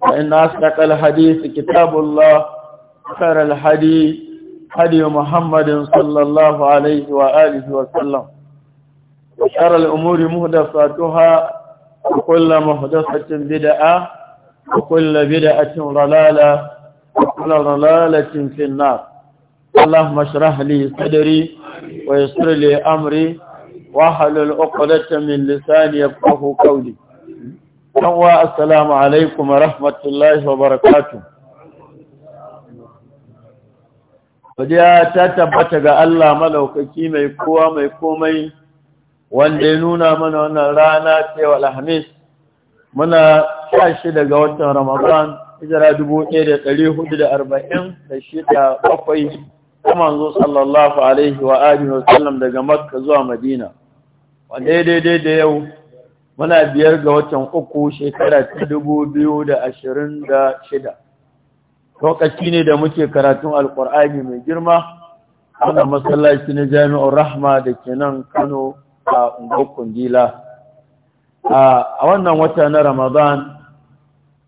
فإن أصدق الحديث كتاب الله خير الحديث حدي محمد صلى الله عليه وآله وسلم وشر الأمور مهدفاتها وكل مهدفة بدعة وكل بدعة ضلالة وكل ضلالة في النار اللهم اشرح لي صدري ويسر لي أمري واحلل عقدة من لساني يفقه قولي Yanwa assalamu alaikum wa rahmatullahi wa barakatu. Wajiya ta tabbata ga Allah malaukaki mai kowa mai komai wanda ya nuna mana wannan rana wa Alhamis muna sha shi daga watan Ramadan hijira 1440 da shida bakwai kuma zo sallallahu alaihi wa alihi wa sallam daga Makka zuwa Madina. Wanda daidai da yau muna biyar ga watan uku shekara ta dubu biyu da ashirin da shida lokaci ne da muke karatun alkur'ani mai girma ana masallaci na jami'ar rahma da ke nan kano a unguwar kundila a wannan wata na ramadan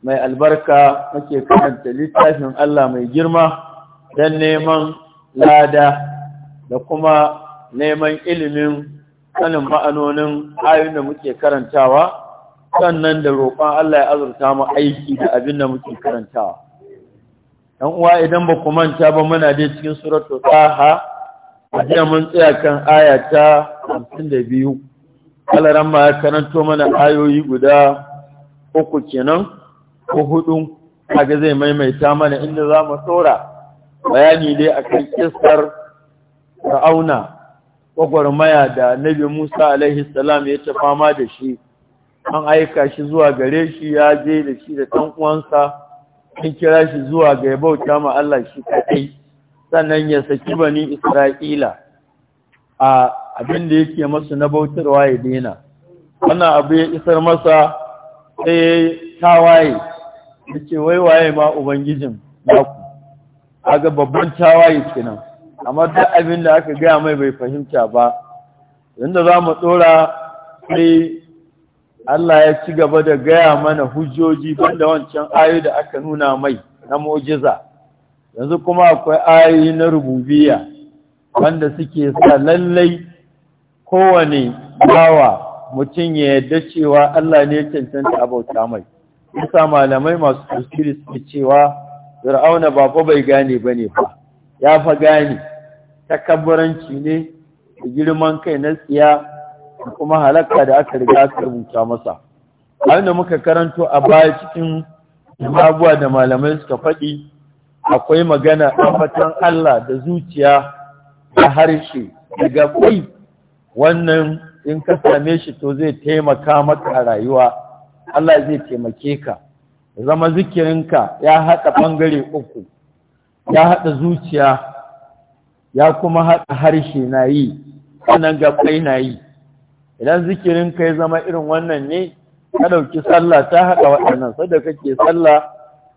mai albarka muke karanta littafin allah mai girma don neman lada da kuma neman ilimin sanin ma'anonin ayoyin da muke karantawa sannan da roƙon Allah ya azurta mu aiki da abin da muke karantawa dan uwa idan ba ku manta ba muna da cikin suratul taha ajiya mun tsaya kan aya ta 52 Allah ran ma ya karanto mana ayoyi guda uku kenan ko hudu kaga zai maimaita mana inda zamu tsora bayani dai akan kissar Fir'auna gwagwarmaya da nabi Musa alaihi salam ya ta fama da shi an aika shi zuwa gare shi ya je da shi da ɗan uwansa an kira shi zuwa ga ya bauta ma Allah shi kaɗai sannan ya saki bani Isra'ila a abin da yake masu na bautarwa ya daina wannan abu ya isar masa sai tawaye da ce wai waye ma ubangijin naku aga babban tawaye kenan amma duk abin da aka gaya mai bai fahimta ba inda za mu ɗora sai Allah ya ci gaba da gaya mana hujjoji banda wancan ayoyi da aka nuna mai na mu'jiza yanzu kuma akwai ayoyi na rububiya wanda suke sa lallai kowane bawa mutum ya yarda cewa Allah ne ya cancanta abauta mai isa malamai masu tafsiri suke cewa fir'auna ba fa bai gane bane fa ya fa gane takabbaranci ne da girman kai na tsiya da kuma halakka da aka riga aka rubuta masa da muka karanto a baya cikin abubuwa da malamai suka faɗi akwai magana ambatan Allah da zuciya da harshe daga kwai wannan in ka same shi to zai taimaka maka rayuwa Allah zai taimake ka zama zikirinka ya haɗa ɓangare uku ya haɗa zuciya ya kuma haɗa harshe na yi wannan gabai na yi idan zikirin ka zama irin wannan ne ka ɗauki sallah ta haɗa waɗannan sadda kake sallah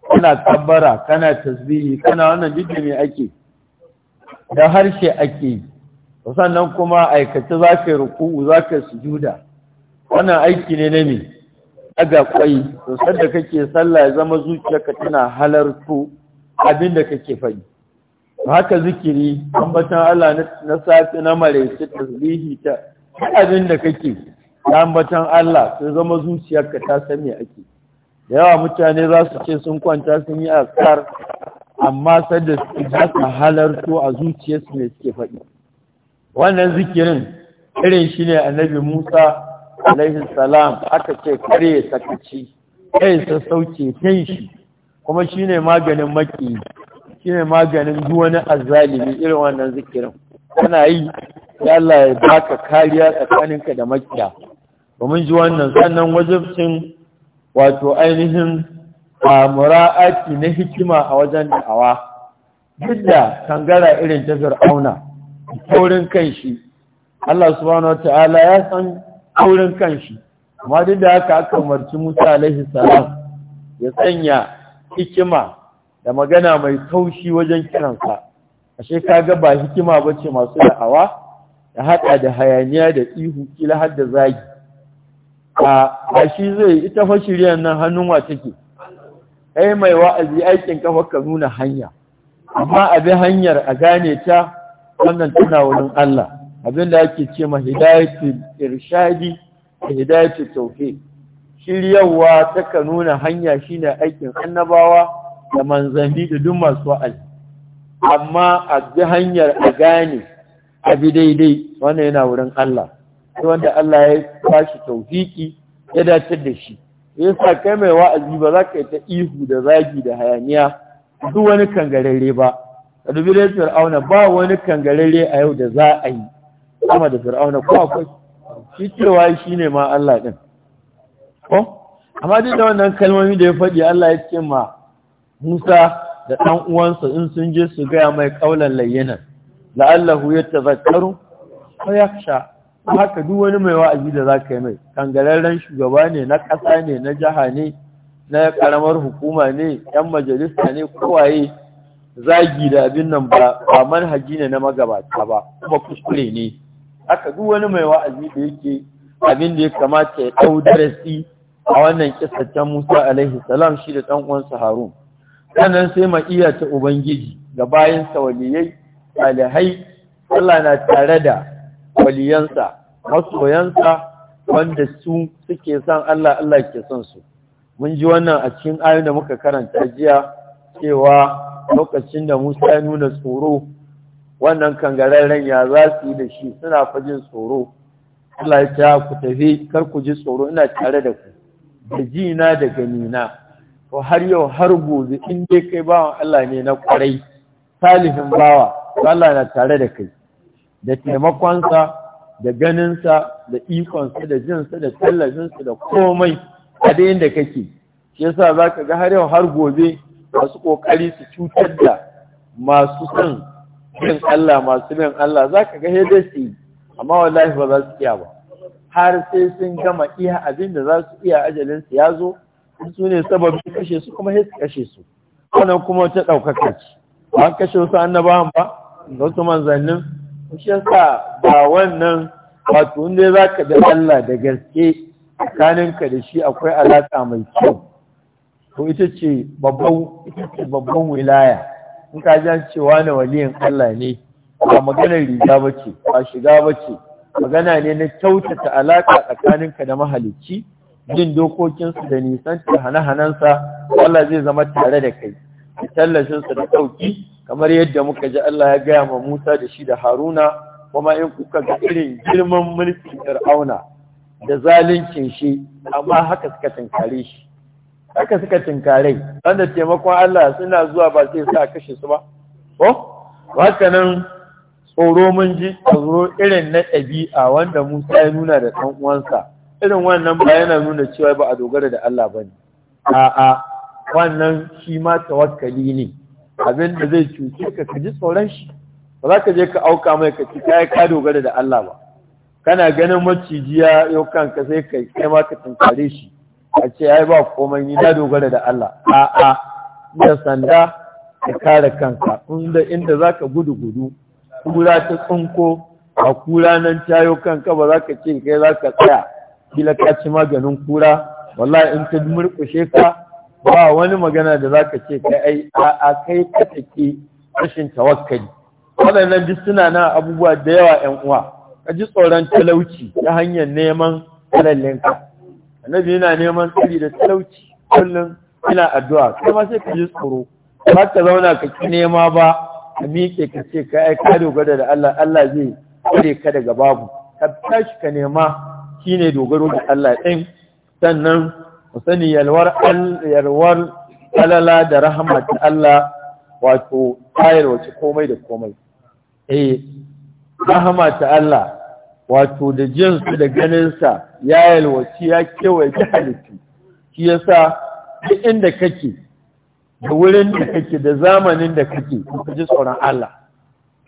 kana tabbara, kana tasbihi kana wannan duk ne ake da harshe ake sannan kuma aikace za ka yi ruku'u za ka juda. wannan aiki ne na ne, daga kwai to da kake sallah ya zama ka tana halarto abin da kake faɗi haka zikiri ambatan Allah na safi na mare shi tasbihi ta abin da kake ambatan Allah sai zama zuciyarka ta san me ake da yawa mutane za su ce sun kwanta sun yi askar amma da su za su halarto a zuciyarsu ne suke faɗi wannan zikirin irin shi ne annabi musa alaihi salam aka ce kare sakaci kai sauke kai shi kuma shine maganin maki ne maganin duwani wani azzalimi irin wannan zikirin kana yi ya Allah ya baka kariya tsakaninka da makiya ba mun ji wannan sannan wajibcin wato ainihin a na hikima a wajen da'awa duk da tangara irin ta fir'auna taurin kanshi Allah subhanahu Ta'ala ya san taurin kanshi amma duk da haka aka umarci Musa alaihi salam ya sanya hikima da magana mai taushi wajen kiransa ashe ga ba hikima ba ce masu da'awa da haɗa da hayaniya da ihu kila har da zagi a shi zai ita fashiriyar nan hannun wa take kai mai wa'azi aikin kafa ka nuna hanya amma bi hanyar a gane ta wannan tana wurin Allah Abin da ake ce ma hidayatul irshadi da hidayatul tawfiq shiryawa ta ka nuna hanya shine aikin annabawa da manzanni da duk masu wa'azi amma a ji hanyar a gane a bi daidai wanda yana wurin Allah sai wanda Allah ya bashi tawfiki ya dace da shi ya sa kai mai wa'azi ba za ka yi ta ihu da zagi da hayaniya duk wani kangararre ba a dubi da fir'auna ba wani kangararre a yau da za a yi sama da fir'auna ko akwai shi cewa shi ne ma Allah din. ko amma duk da wannan kalmomi da ya faɗi Allah ya ce ma Musa da ɗan uwansa in sun je su gaya mai ƙaunar layyanan, la'allahu ya tazakaru, ko sha, haka duk wani mai wa'azi da za ka yi mai, kangararren shugaba ne na ƙasa ne na jiha ne, na ƙaramar hukuma ne, ‘yan majalisa ne, kowaye zagi da abin nan ba, ba manhaji ne na magabata ba, kuma kuskure ne. Haka duk wani mai wa'azi da yake abin da ya kamata ya ɗau darasi a wannan can Musa alaihi salam shi da ɗan uwansa Harun. sannan sai ma iya ta ubangiji ga sa waliyai salihai Allah na tare da waliyansa masoyansa wanda su suke son Allah Allah ke son su mun ji wannan a cikin ayoyin da muka karanta jiya cewa lokacin da Musa ya nuna tsoro wannan kangararren ya za su yi da shi suna fajin tsoro Allah ya ku tafi kar ku ji tsoro ina tare da ku da ji na da gani na ko har yau har gobe in dai kai bawan Allah ne na kwarai salihin bawa Allah na tare da kai da taimakonsa da ganinsa da ikonsa da jinsa da tallafinsa da komai a da yadda kake shi yasa za ka ga har yau har gobe masu ƙoƙari su cutar da masu son bin Allah masu bin Allah za ka ga yadda su yi amma wallahi ba za su iya ba har sai sun gama iya abin da za su iya ajalinsu ya zo su ne sababin kashe su kuma hes kashe su wannan kuma ta ɗaukaka ce ba kashe su annabawan ba ga wasu manzannin shi yasa ba wannan wato inda za ka bi Allah da gaske tsakaninka da shi akwai alaƙa mai kyau to ita ce babban wilaya in ka jan cewa na waliyin Allah ne ba maganar riga ba ba shiga bace. magana ne na kyautata alaƙa tsakaninka da mahalicci Jin dokokinsu da nisanta hane-hanensa Allah zai zama tare da kai da tallafinsa da sauki kamar yadda muka ji Allah ya gaya ma Musa da shi da Haruna kuma in kuka ga irin girman mulkin Fir'auna da zalincin shi amma haka suka tinkare shi haka suka tinkare wanda taimakon Allah suna zuwa ba sai sa kashe su ba ko haka nan tsoro mun ji tsoro irin na ɗabi'a wanda Musa ya nuna da ɗan uwansa irin wannan ba yana nuna cewa ba a dogara da Allah ba ne a'a wannan shi ma tawakkali ne abin da zai cuce ka ka ji tsoron shi ba za ka je ka auka mai ka ci kai ka dogara da Allah ba kana ganin maciji ya yau kanka sai kai kai ma ka tunkare shi a ce ai ba komai ni na dogara da Allah a da sanda ka kare kanka inda inda zaka gudu gudu kura ta tsinko a kura nan tayo kanka ba za ka ce kai za ka tsaya kila ka ci maganin kura wallahi in ta murƙushe ka ba wani magana da za ka ce kai ai a kai ka take rashin tawakkali waɗannan duk suna na abubuwa da yawa ƴan uwa ka ji tsoron talauci ta hanyar neman ka annabi yana neman tsari da talauci kullum ina addu'a kai sai ka ji tsoro ba ka zauna ka ki nema ba ka miƙe ka ce ka ai ka dogara da Allah Allah zai kare ka daga babu ka tashi ka nema ne dogaro da Allah ɗin sannan ku sani yalwar alala da ta Allah wato tayar wace komai da komai eh rahama ta Allah wato da jinsu da ganinsa ya yalwaci ya kewaye ta halittu shi sa, duk inda kake da wurin da kake da zamanin da kake kuka ji tsoron Allah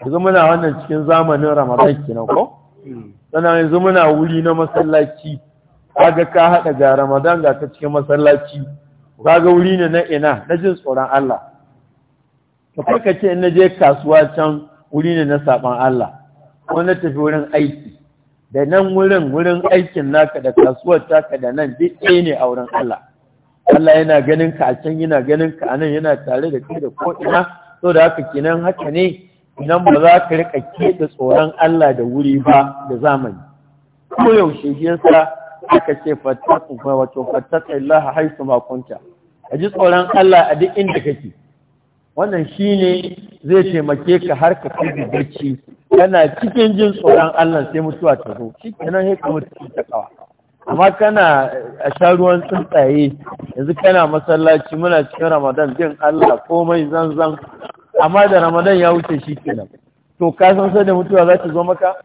yanzu muna wannan cikin zamanin Ramadan kenan ko hmm. sannan yanzu muna wuri na masallaci kaga ka haɗa ga ramadan ga ta cikin masallaci kaga wuri ne na ina na jin tsoron Allah ka farka ce in je kasuwa can wuri ne na saban Allah ko na tafi wurin aiki da nan wurin wurin aikin naka da kasuwar taka da nan duk ɗaya ne a wurin Allah Allah yana ganin ka a can yana ganin ka a nan yana tare da kai da ko ina saboda haka kenan haka ne nan ba za ka rika keɓe tsoron Allah da wuri ba da zamani ko yaushe shi yasa aka ce fattaku fa wato fattaka Allah haisu ma kunta a ji tsoron Allah a duk inda kake wannan shine zai taimake ka har ka kai barci. kana cikin jin tsoron Allah sai mutuwa ta zo shikenan sai ka mutu ta kawa amma kana a sha ruwan tsuntsaye yanzu kana masallaci muna cikin Ramadan jin Allah komai zanzan amma da ramadan ya wuce shi kenan to ka san sai da mutuwa za ta zo maka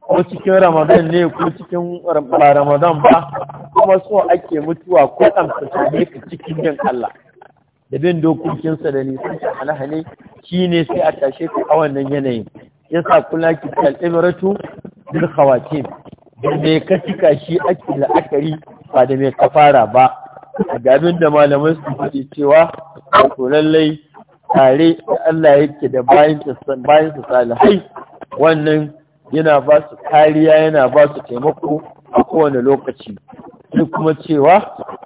ko cikin ramadan ne ko cikin ba ramadan ba kuma so ake mutuwa ko amsa ta ne ka cikin yin Allah da bin dokokinsa da nisan shi alaha ne shi ne sai a tashe ka a wannan yanayin yasa kula ki kal'ibratu bil khawatim da me ka cika shi ake la'akari ba da me ka fara ba ga gabin da malamai su ce cewa to lallai tare da Allah yake da bayan su salihai wannan yana ba su kariya yana ba su taimako a kowane lokaci duk kuma cewa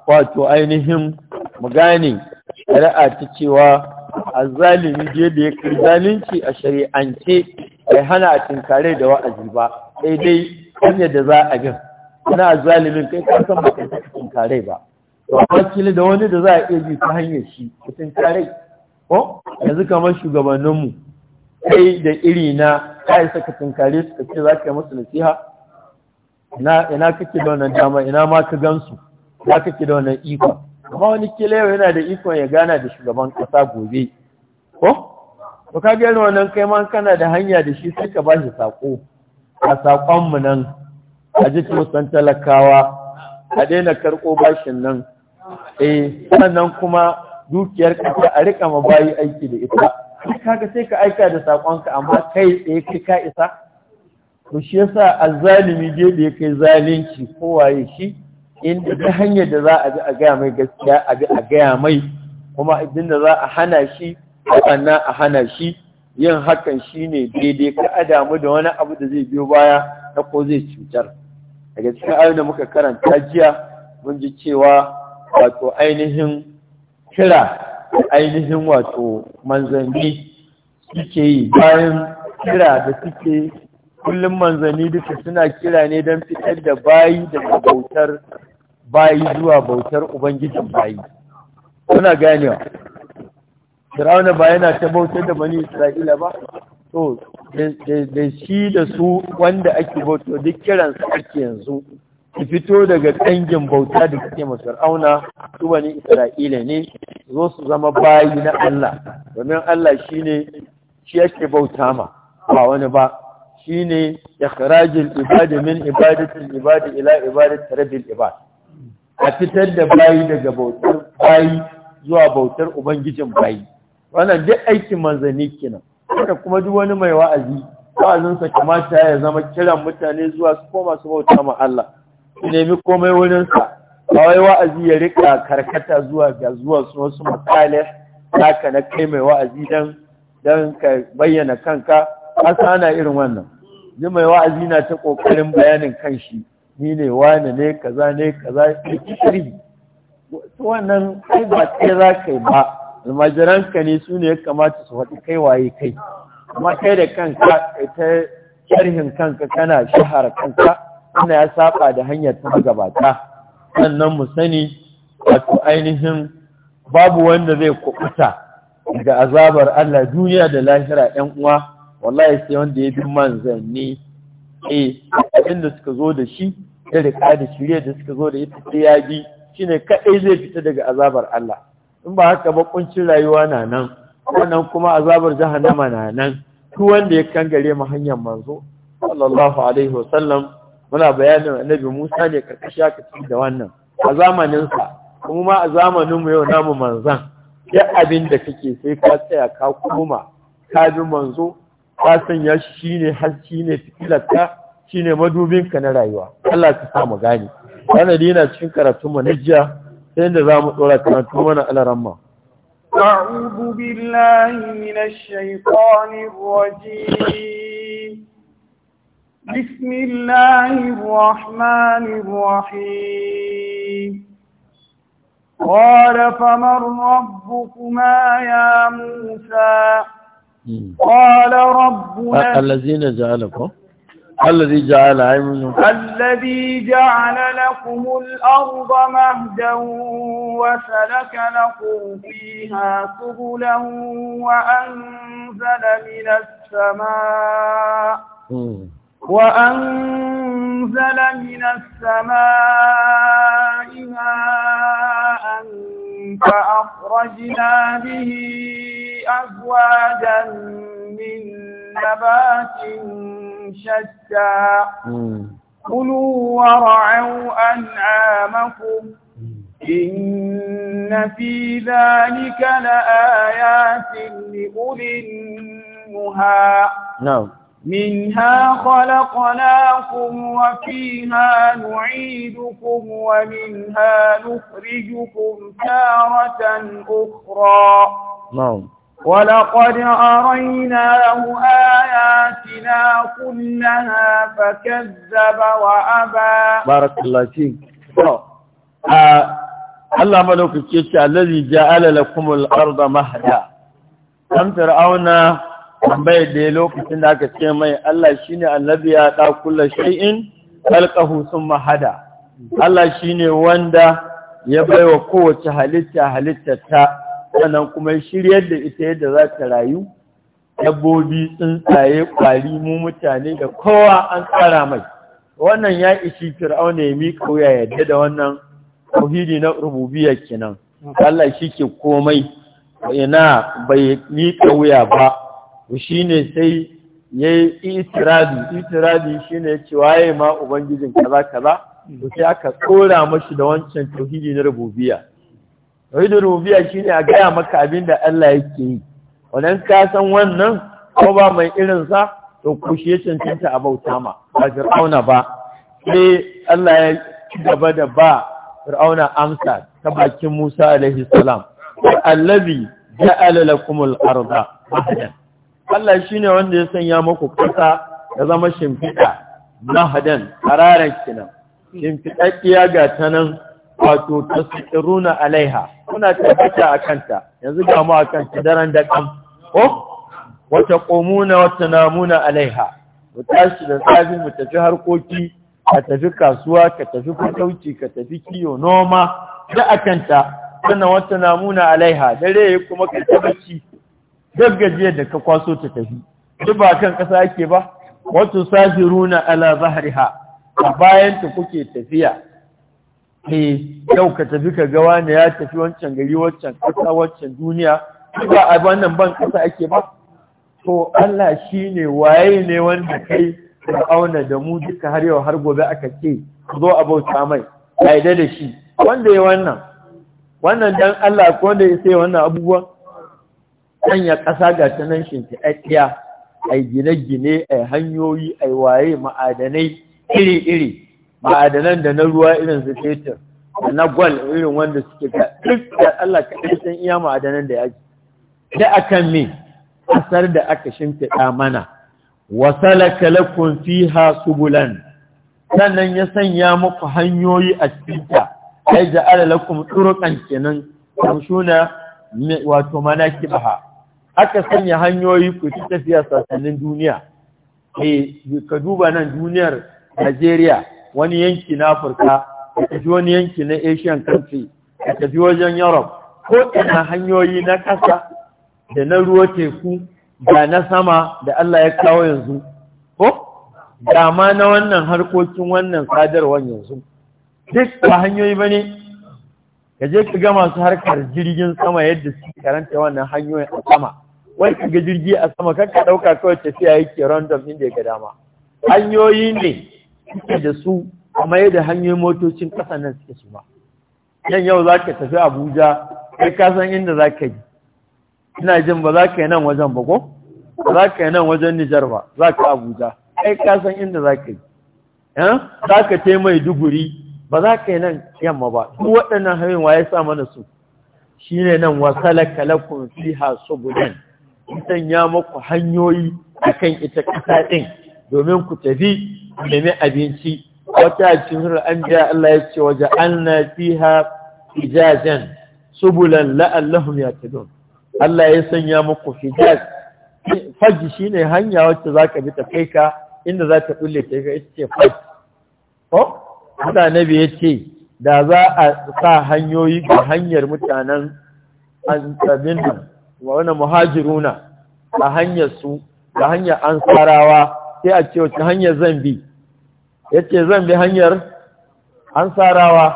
wato ainihin mu gane shari'a ta cewa zalimi je da ya kai zalunci a shari'ance bai hana a tinkare da wa'azi ba sai dai hanyar da za a bin ana zalimin kai ka san ba ka tinkare ba to da wani da za a iya bi ta hanyar shi tinkare ko yanzu kamar shugabanninmu kai da iri na kai saka tunkare su kace za ka yi musu nasiha ina kake da wannan dama ina ma ka gansu za ka ke da wannan iko amma wani kilewa yana da ikon ya gana da shugaban kasa gobe ko to ka gani wannan kai ma kana da hanya da shi sai ka bashi shi sako a sakon mu nan a ji tusan talakawa a daina karko bashin nan eh sannan kuma dukiyar kasa a rika ma bayi aiki da ita kaga sai ka aika da sakonka amma kai tsaye kai ka isa to shi yasa azzalimi je da ya kai zalunci waye shi inda ta hanyar da za a bi a gaya mai gaskiya a bi a gaya mai kuma idan da za a hana shi waɗannan a hana shi yin hakan shine daidai ka adamu da wani abu da zai biyo baya na ko zai cutar daga cikin ayoyin da muka karanta jiya mun ji cewa wato ainihin kira ainihin wato manzanni suke yi bayan kira da suke kullum manzanni duka suna kira ne don fitar da bayi daga bautar bayi zuwa bautar ubangijin bayi suna ganewa Firauna ba yana ta bautar da bani Isra'ila ba, to, da shi da su wanda ake bautar duk kiransu ake yanzu ki fito daga dangin bauta da kake ma fir'auna su bani isra'ila ne zo su zama bayi na Allah domin Allah shi ne shi yake bauta ma ba wani ba Shi shine ikhrajul ibadi min ibadatil ibadi ila ibadati rabbil ibad a fitar da bayi daga bautar bayi zuwa bautar ubangijin bayi wannan duk aikin manzanni kenan haka kuma duk wani mai wa'azi wa'azinsa kamata ya zama kiran mutane zuwa su koma su bauta ma Allah su nemi komai wurinsa ba wa'azi ya rika karkata zuwa ga zuwa wasu makalai ka na kai mai wa'azi don ka bayyana kanka asa ana irin wannan ji mai wa'azi na ta kokarin bayanin kanshi ni ne wani ne kaza ne kaza kiri wannan kai ba kai za ka yi ba almajiranka ne su ne kamata su faɗi kai waye kai amma kai da kanka kai ta sharhin kanka kana shahara kanka wanda ya saba da hanyar ta gabata sannan mu sani wato ainihin babu wanda zai kubuta daga azabar Allah duniya da lahira ɗan uwa wallahi sai wanda ya bi e eh inda suka zo da shi da rika da shirye da suka zo da ita sai ya bi shine kadai zai fita daga azabar Allah in ba haka ba kuncin rayuwa na nan wannan kuma azabar jahannama na nan duk wanda ya kangare mu hanyar manzo sallallahu alaihi wasallam muna bayanin annabi Musa ne karkashi aka ci da wannan a zamaninsa kuma ma a zamaninmu yau namu manzan ya abin da kake sai ka tsaya ka koma ka bi manzo ka sanya shi shine har shine fitilarka shine madubinka na rayuwa Allah ka sa mu gane wannan yana cikin karatun mu na jiya sai da zamu dora karatu mana alaramma أعوذ بالله من الشيطان الرجيم بسم الله الرحمن الرحيم قال فمن ربكما يا موسى قال ربنا الذين جعلكم الذي جعل الذي جعل لكم الأرض مهدا وسلك لكم فيها سبلا وأنزل من السماء وأنزل من السماء ماء فأخرجنا به أزواجا من نبات شتى كلوا ورعوا أنعامكم إن في ذلك لآيات لأولي النهى نعم no. منها خلقناكم وفيها نعيدكم ومنها نخرجكم تارة أخرى نعم ولقد أريناه آياتنا كلها فكذب وأبى بارك الله فيك آه. آه. الله ملوك الشيخ الذي جعل لكم الأرض مهدا كم فرعون tambaye da ya lokacin da aka ce mai Allah shi shine annabi ya ɗakula kullu shay'in khalqahu thumma hada Allah ne wanda ya baiwa kowace halitta halitta ta sannan kuma shiryar da ita yadda za ta rayu dabbobi tsuntsaye kwari mu mutane da kowa an tsara mai wannan ya ishi fir'auna ya miƙa wuya yadda da wannan tauhidi na rububiya kenan Allah shi ke komai ina bai miƙa wuya ba shi ne sai ya yi itiradi itiradi shi ne ce waye ma ubangijin kaza kaza to sai aka tsora mashi da wancan tauhidi na rububiya tauhidin rububiya shi ne a gaya maka abin da Allah yake yi wannan ka san wannan ko ba mai irin sa to ya cancanta a bauta ma ba fir'auna ba sai Allah ya ci gaba da ba fir'auna amsa ta bakin Musa alaihi salam allazi ja'ala lakumul arda mahdan Allah shi ne wanda ya sanya maku ƙasa ya zama shimfiɗa mahadan hararar kinan shimfiɗaɗɗiya ga ta nan wato ta suƙiruna alaiha kuna tabbata a kanta yanzu ga a kanta daren da ƙam ko wata ƙomuna wata namuna alaiha mu tashi da tsafi mu tafi harkoki ka tafi kasuwa ka tafi fatauci ka tafi kiyo noma da a kanta sannan wata namuna alaiha dare kuma ka tabbaci gaggajiyar da ka kwaso ta tafi duk ba kan ƙasa ake ba wato runa ala zahriha a bayan ta kuke tafiya eh yau ka tafi ka ga wani ya tafi wancan gari wancan ƙasa wancan duniya ba a wannan ban ƙasa ake ba to Allah shi ne waye ne wanda kai auna da mu duka har yau har gobe aka ce zo a bauta mai yi da shi wanda ya wannan wannan dan Allah ko wanda ya sai wannan abubuwan sanya ƙasa ga ta nan shimfiɗaɗɗiya a gine-gine a hanyoyi a waye ma'adanai iri-iri ma'adanan da na ruwa irin su fetur da na gwal irin wanda suke ga duk da Allah ka san iya ma'adanan da yaki da akan me ƙasar da aka shimfiɗa mana wasala kalakun fiha subulan sannan ya sanya muku hanyoyi a cikinta ai ja'ala lakum turuqan kenan kamshuna wato manakibaha aka sanya hanyoyi ku ci tafiya sassanin duniya E, ka duba nan duniyar Najeriya wani yanki na Afirka ka tafi wani yanki na Asian country ka tafi wajen Europe ko ina hanyoyi na kasa da na ruwa teku da na sama da Allah ya kawo yanzu ko dama ma na wannan harkokin wannan sadarwar yanzu duk ba hanyoyi ba ne ka je ka ga masu harkar jirgin sama yadda su karanta wannan hanyoyin a sama wai ka ga jirgi a sama kan ka ɗauka kawai tafiya yake random inda ya ga dama hanyoyi ne suke da su amma yadda hanyoyin motocin ƙasa nan suke su ba. yan yau za ka tafi abuja kai ka san inda za ka yi ina jin ba za ka yi nan wajen ba ko ba za ka yi nan wajen nijar ba za ka abuja kai ka san inda za ka yi eh? za ka te mai duguri ba za ka yi nan yamma ba duk waɗannan hanyoyin waye ya sa mana su shine nan wasalaka lakum fiha subulan in sanya muku hanyoyi a kan ita ƙasa ɗin, domin ku tafi nemi abinci wata cikin anbiya Allah ya ce waje anna fiha hijajan subulan la'allahum yahtadun Allah ya sanya muku hijaz faji shine hanya wacce zaka bi ta kai ka inda za ta dulle ta ka. ita ce faj ko na nabi ce da za a sa hanyoyi ga hanyar mutanen an wa wani muhajiruna a hanyar su da hanyar ansarawa sai a ce wata hanyar zambi ya ce zambi hanyar ansarawa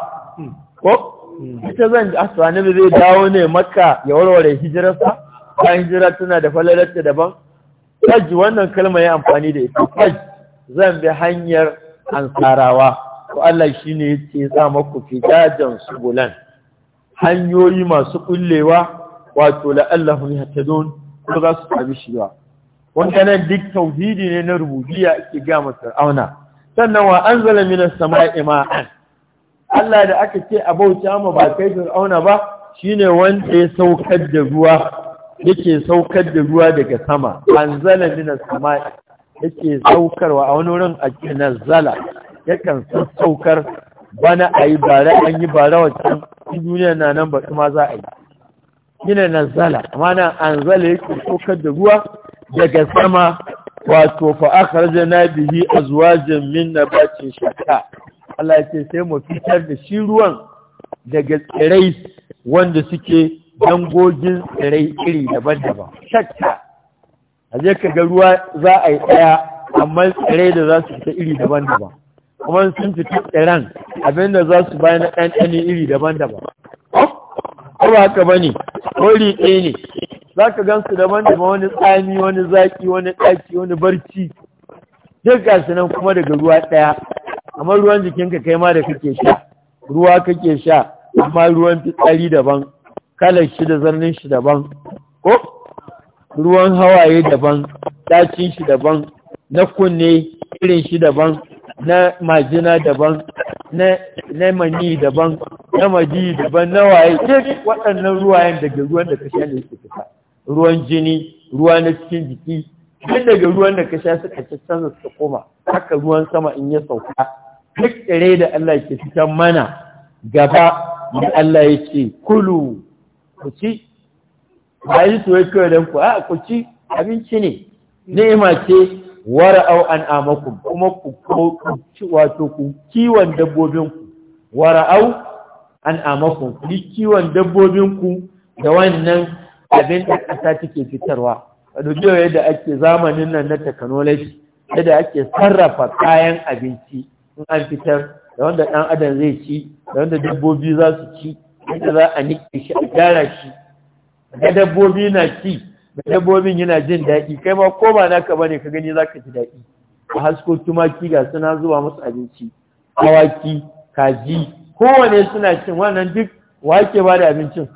ko hmm. ita zan a da zai dawo ne makka ya warware hijirarsa ta hijira tana da falalarta daban faj wannan kalma ya amfani da ita faj zan bi hanyar ansarawa ko Allah shine yace za maku fidajan subulan hanyoyi masu kullewa wato ya yahtadun ko za su sami ba wanda nan duk tauhidi ne na rububiyya ake ga masa auna sannan wa anzala minas sama'i ma'an Allah da aka ce a bauta ma ba kai fir'auna ba shine wanda ya saukar da ruwa yake saukar da ruwa daga sama anzala minas sama'i yake saukarwa a wani wurin a nazala yakan saukar bana ayi bare an yi bare wancan duniyar na nan ba kuma za a yi mina nazala mana anzala yake saukar da ruwa daga sama wato fa akhraja bihi azwajan min nabatin shaka Allah ya sai mu fitar da shi ruwan daga tsirai wanda suke dangogin tsirai iri daban-daban Shakka, a je ka ga ruwa za a yi ɗaya amma tsirai da za su fita iri daban-daban kuma sun fita tsiran abinda za su bayan ɗanɗani iri daban-daban ko ba haka bane kori ɗaya ne za ka gansu daban daban wani tsami wani zaki wani ɗaki wani barci duk gasu nan kuma daga ruwa ɗaya amma ruwan jikinka kai ma da kake sha ruwa kake sha amma ruwan fitsari daban kalar shi da zarnin shi daban ko ruwan hawaye daban dacin shi daban na kunne irin shi daban na majina daban na mani daban na maji daban na waye duk waɗannan ruwayen daga ruwan da ka sha ne suke fita ruwan jini ruwa na cikin jiki duk daga ruwan da ka sha suka canza suka koma haka ruwan sama in ya sauka duk tsire da Allah ke fitan mana gaba da Allah ya ce kulu ku ci ba yi soyayya kawai don ku a ku ci abinci ne ni'ima ce wara au an amakum kuma ku wato ku kiwon ku. wara au an amakon ku yi kiwon ku da wannan abin da ƙasa take fitarwa a dubiyo yadda ake zamanin nan na technology yadda ake sarrafa kayan abinci in an fitar da wanda ɗan adam zai ci da wanda dabbobi za su ci yadda za a nike shi a gyara shi da dabbobi na ci da dabbobin yana jin daɗi kai ma ko ba naka bane ka gani za ka ji daɗi a hasko tumaki ga suna zuwa musu abinci awaki kaji kowane suna cin wannan duk wake ba da abincin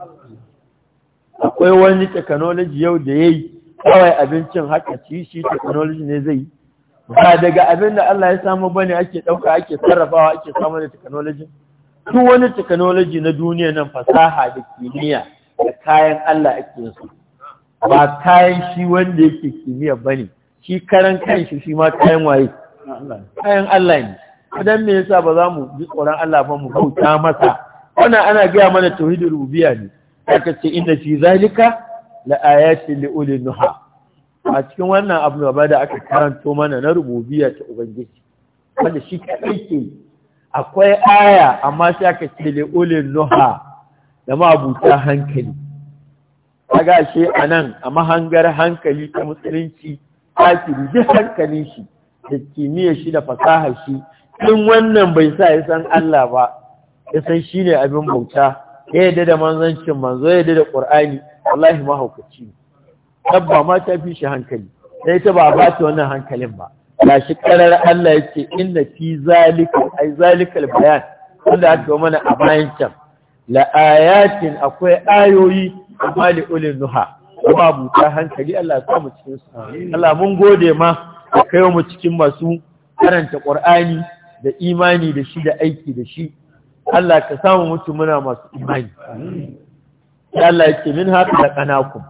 akwai wani technology yau da ya yi kawai abincin haka ci shi technology ne zai yi ba daga abin da Allah ya samu bane ake ɗauka ake sarrafawa ake samu da technology Tun wani technology na duniya nan fasaha da kimiyya da kayan Allah ake su ba kayan shi wanda yake kimiyya bane shi karan kanshi shi ma kayan waye kayan Allah ne idan me yasa ba za mu ji tsoron Allah ba mu bauta masa wannan ana gaya mana tauhidul rububiyya ne aka ce inna fi zalika la ayati li ulil nuha a cikin wannan abu ba da aka karanto mana na rububiyya ta ubangiji wanda shi ka ke akwai aya amma sai aka ce li ulil nuha da mabuta hankali kaga shi anan a mahangar hankali ta musulunci kafiri duk hankalin shi da kimiyyar shi da fasahar shi in wannan bai sa ya san Allah ba ya san shi ne abin bauta ya yi da manzancin manzo ya yadda da ƙur'ani wallahi mahaukaci tabba ma ta fi shi hankali sai ta ba ba ta wannan hankalin ba na shi ƙarar Allah ya ce inna fi zalika zalikal bayan wanda aka yi mana a bayan can la akwai ayoyi amma li ulil nuha kuma buta hankali Allah ya mu cikin su Allah mun gode ma kai mu cikin masu karanta Qur'ani da imani da shi da aiki da shi Allah ka samu mutum muna masu imani ya Allah yake min haka da kanakum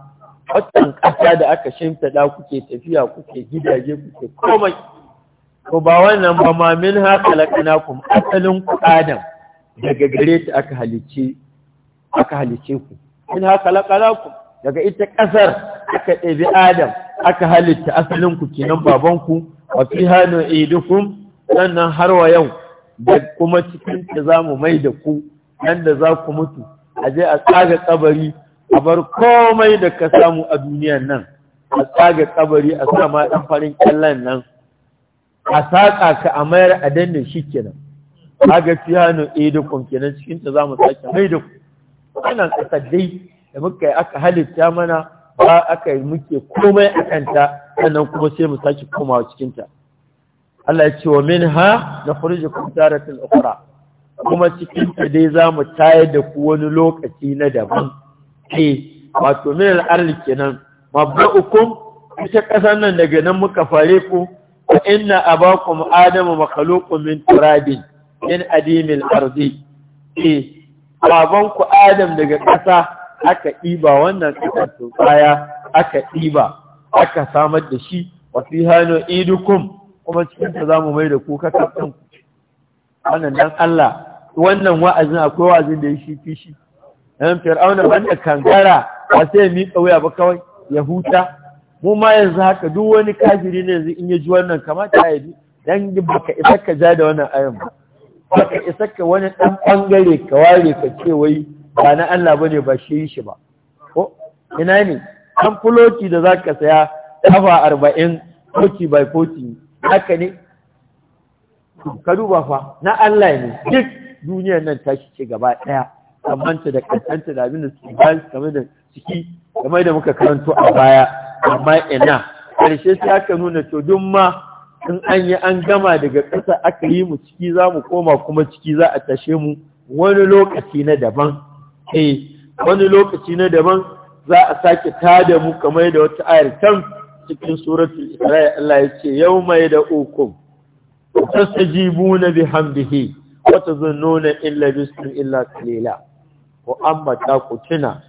wannan ƙasa da aka da kuke tafiya kuke gidaje kuke komai ko ba wannan ba ma min haka da kanakum asalin ku adam daga gare ta aka halice aka halice ku min haka da kanakum daga ita ƙasar aka ɗebi adam aka halitta asalin ku kenan babanku wa hanu idukum sannan har wa yau da kuma cikin ta za mu mai da ku nan za ku mutu a je a tsaga kabari a bar komai da ka samu a duniyan nan a tsaga kabari a sama ma ɗan farin kallon nan a saƙa ka a mayar a danne shi kenan kaga fiyano eh da kun kenan cikin ta za mu sake mai da ku wannan ƙasar dai da muka yi aka halitta mana ba aka yi muke komai a kanta sannan kuma sai mu sake komawa cikinta Allah ya ce wa minha nakhrujukum taratan ukhra kuma cikin ta dai mu tayar da ku wani lokaci na daban eh wato min al-ardi kenan mabda'ukum ita kasan nan daga nan muka fare ku inna abakum adamu makhluqun min turabin min adimil ardi eh ku adam daga ƙasa aka ɗiba wannan ƙasar turbaya aka ɗiba aka samar da shi wa fi hano idukum kuma cikin ta zamu mai da ku wannan dan Allah wannan wa'azin akwai wa'azin da ya shi fi shi ɗan fir'auna banda kankara ba sai ya miƙa wuya ba kawai ya huta mu ma yanzu haka duk wani kafiri ne yanzu in ya ji wannan kamata ya yi dan baka isa ka ja da wannan ayan ba baka isa ka wani ɗan bangare ka ware ka ce wai ba na Allah bane ba shi shi ba ko ina ne kan fuloti da zaka saya kafa arba'in 40 by 40 haka ne ka duba fa na Allah ne duk duniyar nan ta shi ce gaba ɗaya kamanta da kantanta da abin da suke bayan kamar da ciki kamar da muka karanto a baya amma ina karshe sai aka nuna to duk ma in an yi an gama daga ƙasa aka yi mu ciki za mu koma kuma ciki za a tashe mu wani lokaci na daban eh wani lokaci na daban za a sake tada mu kamar da wata ayar can cikin suratul Isra'i Allah ya ce yau mai da ukum tastajibuna bihamdihi wa tazunnuna illa bisum illa qalila ko ambata ku tuna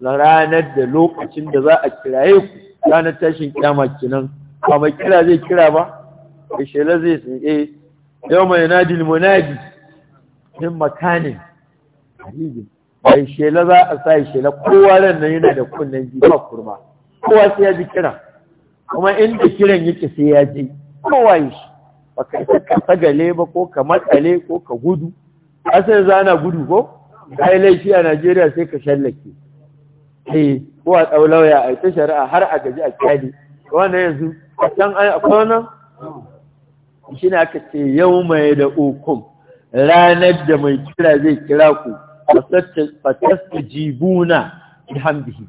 ranar da lokacin da za a kiraye ku ranar tashin kiyama kinan ba mai kira zai kira ba da shela zai tsinke eh, yau mai nadi munadi min makanin bai shela za a sa shela kowa ran nan yana da kunnen ji ba kurma kowa sai ya ji kira kuma inda kiran yake sai ya je kowa waye shi ba ka isa ka sagale ba ko ka matsale ko ka gudu za zana gudu ko kai laifi a najeriya sai ka shallake eh ko a tsaulauya a ita shari'a har a gaji a kyali wanda yanzu a can a kwanan shi ne aka ce yau mai da ukum ranar da mai kira zai kira ku fatasta jibuna bihamdihi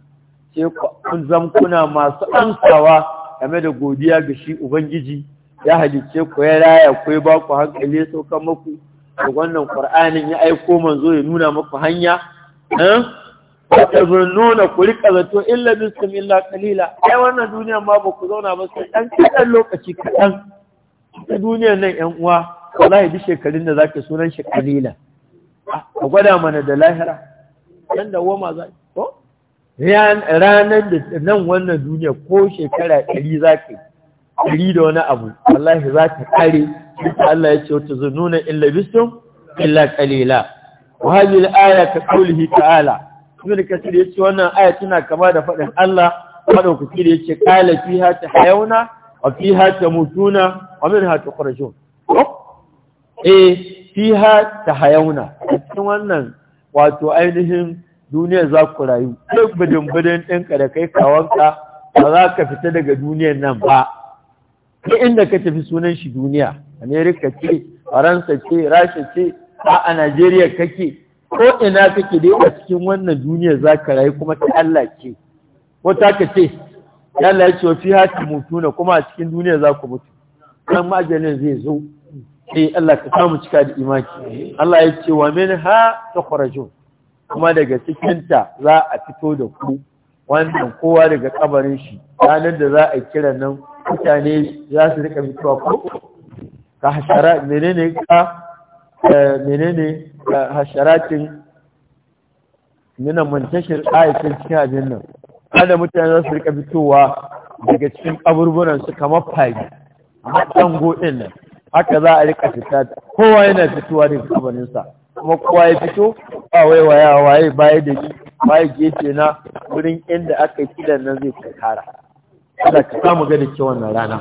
sai kun zam kuna masu ansawa game da godiya ga shi ubangiji ya halicce ku ya raya ku ya ba ku hankali ya sauka maku. da wannan qur'anin ya aiko manzo ya nuna muku hanya eh nuna ku rika zato illa bisum illa qalila ai wannan duniya ma ba ku zauna ba sai dan kadan lokaci kaɗan. ta duniyar nan yan uwa wallahi duk shekarun da zaka sunan shi qalila a gwada mana da lahira dan da woma zaki ranar da nan wannan duniya ko shekara ɗari za ka ɗari da wani abu wallahi za ta kare Allah ya ce wata zununa illa bistun illa ƙalila. Ku hadhihi da aya ka qawlihi ta'ala ka kasir yace wannan aya tana kama da faɗin Allah maɗaukaki da yace qala fiha tahayuna wa fiha tamutuna wa minha ƙarshen. eh hayauna. A cikin wannan wato ainihin duniyar za ku rayu duk bidin bidin ɗinka da kai kawanka ba za ka fita daga duniyar nan ba ta inda ka tafi sunan shi duniya amerika ce faransa ce rasha ce a najeriya kake ko ina kake dai a cikin wannan duniyar za ka rayu kuma ta allah ce ta ka ce ya Allah ya ce wa fi hati mutuna kuma a cikin duniyar za ku mutu kan majalin zai zo sai eh, Allah ka samu cika da imani Allah ya ce wa min ha ta kwarajo kuma daga cikinta za a fito da ku wannan kowa daga kabarin shi ranar da za a kira nan mutane za su rika mutuwa ko ka hashara menene ka eh, menene ka hasharatin nuna muntashir ayatin cikin abin nan kada mutane za su rika fitowa daga cikin kaburburan su kamar fage amma ɗan godin nan haka za a rika fita kowa yana fitowa daga sa kuma kowa ya fito ba wai waya waye baya da ni baya gefe na wurin inda aka yi kidan nan zai kara. kada ka samu ga da ke wannan rana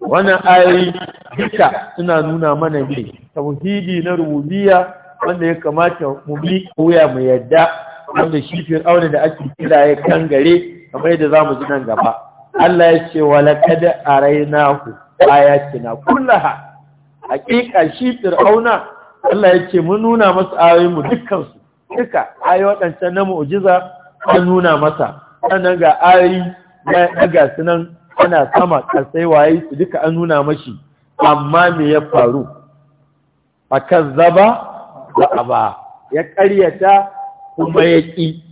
wannan ayoyi duka suna nuna mana ne tauhidi na rububiyya wanda ya kamata mu bi koya mu yadda wanda shi aure da ake kira ya kan gare, kamar yadda zamu ji nan gaba Allah ya ce wa laqad arainahu ayatina kullaha haqiqa shi fir'auna Allah ya ce mun nuna masa ayoyinmu dukkansu duka ayi waɗancan na mu'ujiza an nuna masa sannan ga ayoyi na ɗaga su nan ana sama ƙasai waye su duka an nuna mashi amma me ya faru a kan zaba ba ya ƙaryata kuma ya ƙi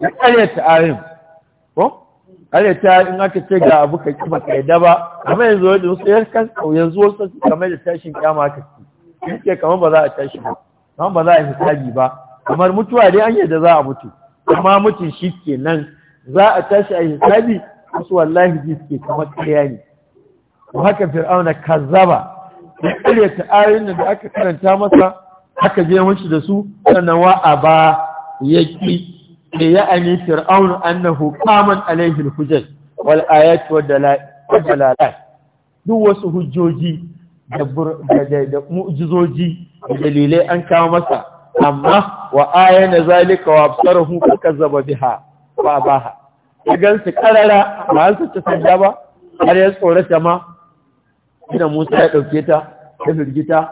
ya ƙaryata ayoyin ko? ƙaryata in aka ce ga abu ka ƙi baka yadda ba amma yanzu wani ya kan yanzu wasu kamar da tashin kyama aka ce yake kamar ba za a tashi ba kamar ba za a hisabi ba kamar mutuwa dai an yadda za a mutu amma mutu shi ke nan za a tashi a hisabi wasu wallahi ji suke kamar kaya ne haka fir'auna kazzaba ya kare ta ayoyin da aka karanta masa aka je mashi da su sannan wa a ba ya ki ne? ya ani fir'auna annahu qaman alaihi hujjaj hujaj wal ayat wad duk wasu hujjoji da mu'jizoji da dalilai an kawo masa amma wa ayyana zalika wa absarahu ka kazzaba biha ba baha ya gansu karara ba su sace sanda ba har ya tsorata ma ina Musa ya dauke ta ya firgita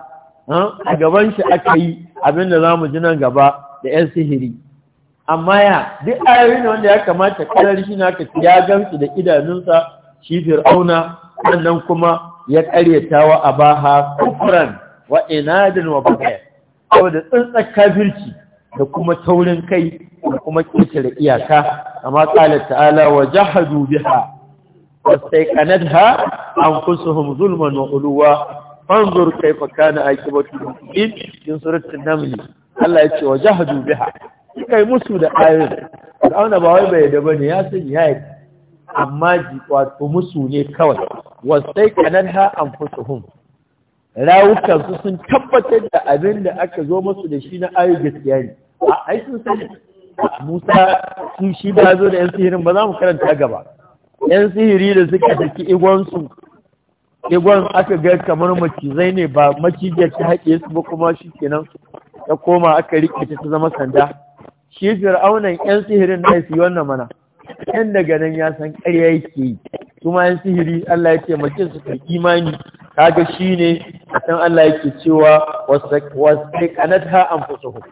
a gaban shi aka yi abinda zamu ji nan gaba da yan sihiri amma ya duk ayoyin wanda ya kamata karar shi na ka ya gansu da idanunsa shi fir'auna sannan kuma ya karyata wa a ha kukuran wa inadin wa bakaya saboda tsantsar kafirci da kuma taurin kai da kuma ƙetare iyaka amma ƙalar ta'ala wa jahadu biha kusa anfusuhum zulman wa uluwa fanzur aiki ba aqibatu in yin suratul naml Allah ya ce wa jahadu biha kai musu da ayin Fir'auna ba wai bai da bane ya sanya ya yi amma wato musu ne kawai wasai kananha anfusuhum rawukan su sun tabbatar da abin da aka zo musu da shi na ayu gaskiya ne a ai sun sani Musa sun shi ba zo da yan sihirin ba za mu karanta gaba yan sihiri da suka saki igon igon aka ga kamar macizai ne ba macijiyar ta haƙe su ba kuma shi kenan ta koma aka rikita ta zama sanda shi fir'aunan yan sihirin na yi wannan mana ɗan daga nan ya san ƙarya yake kuma yan sihiri Allah ya taimake su kai imani kaga shine san Allah yake cewa wasu wasaqanatha an rawukan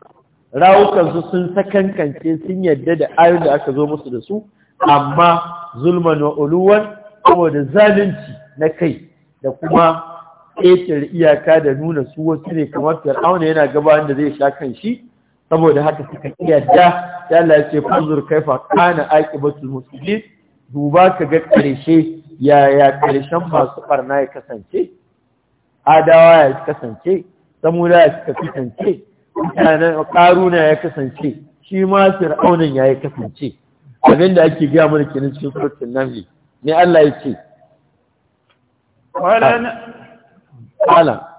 rawukansu sun sakankance sun yadda da ayon da aka zo musu da su amma zulman wa uluwan saboda zalunci na kai da kuma ƙetare iyaka da nuna su wasu ne kamar fir'auna yana gabanin da zai sha kan shi saboda haka suka iya ya Yalla ya ce fanzur kaifa kana su muslimin duba ka ga karshe yaya karshen masu barna ya kasance adawa ya kasance samuna ya kasance mutanen karuna ya kasance shi ma fir'aunin ya kasance abin da ake gaya mana kenan cikin suratul namli ne Allah ya ce Wala.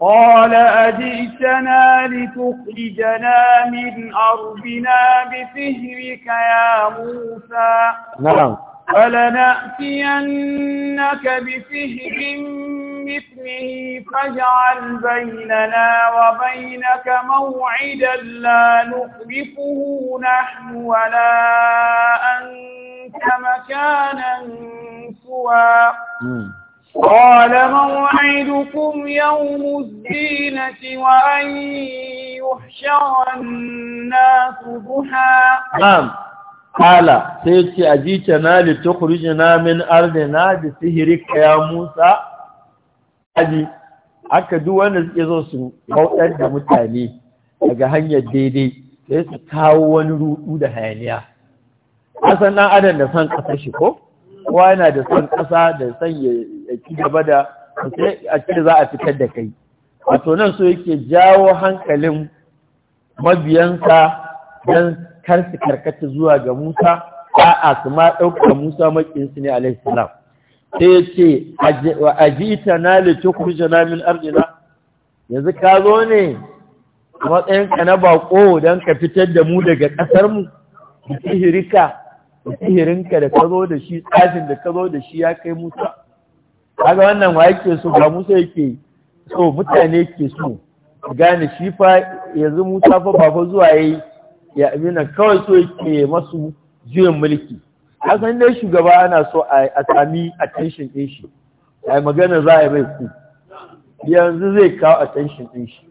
قال أجئتنا لتخرجنا من أرضنا بسهرك يا موسى نعم فلنأتينك بسهر مثله فاجعل بيننا وبينك موعدا لا نخلفه نحن ولا أنت مكانا سوى قال موعدكم يوم الزينة وأن يحشر الناس ضحى نعم قال سيدتي أجيتنا لتخرجنا من أرضنا بسهرك يا موسى أجي aka duk wanda suke zo su bautar da mutane daga hanyar daidai sai su kawo wani rudu da hayaniya asan dan adam da san kasar shi ko kowa yana da san kasa da san ci gaba da a ce za a fitar da kai wato nan so yake jawo hankalin mabiyansa don kar su karkata zuwa ga Musa a'a su ma ɗaukar Musa makinsu ne a sai ya ce ajita na litukhruja na min arzina yanzu ka zo ne a matsayinka na baƙo don ka fitar da mu daga ƙasarmu? mu da da sihirinka da ka zo da shi tsafin da ka zo da shi ya kai Musa kaga wannan wa yake so ba Musa yake so mutane ke so gane shi fa yanzu Musa fa ba zuwa yayi ya amina kawai so yake masu juyin mulki hasan dai shugaba ana so a sami attention din shi ai magana za a bai ku yanzu zai kawo attention din shi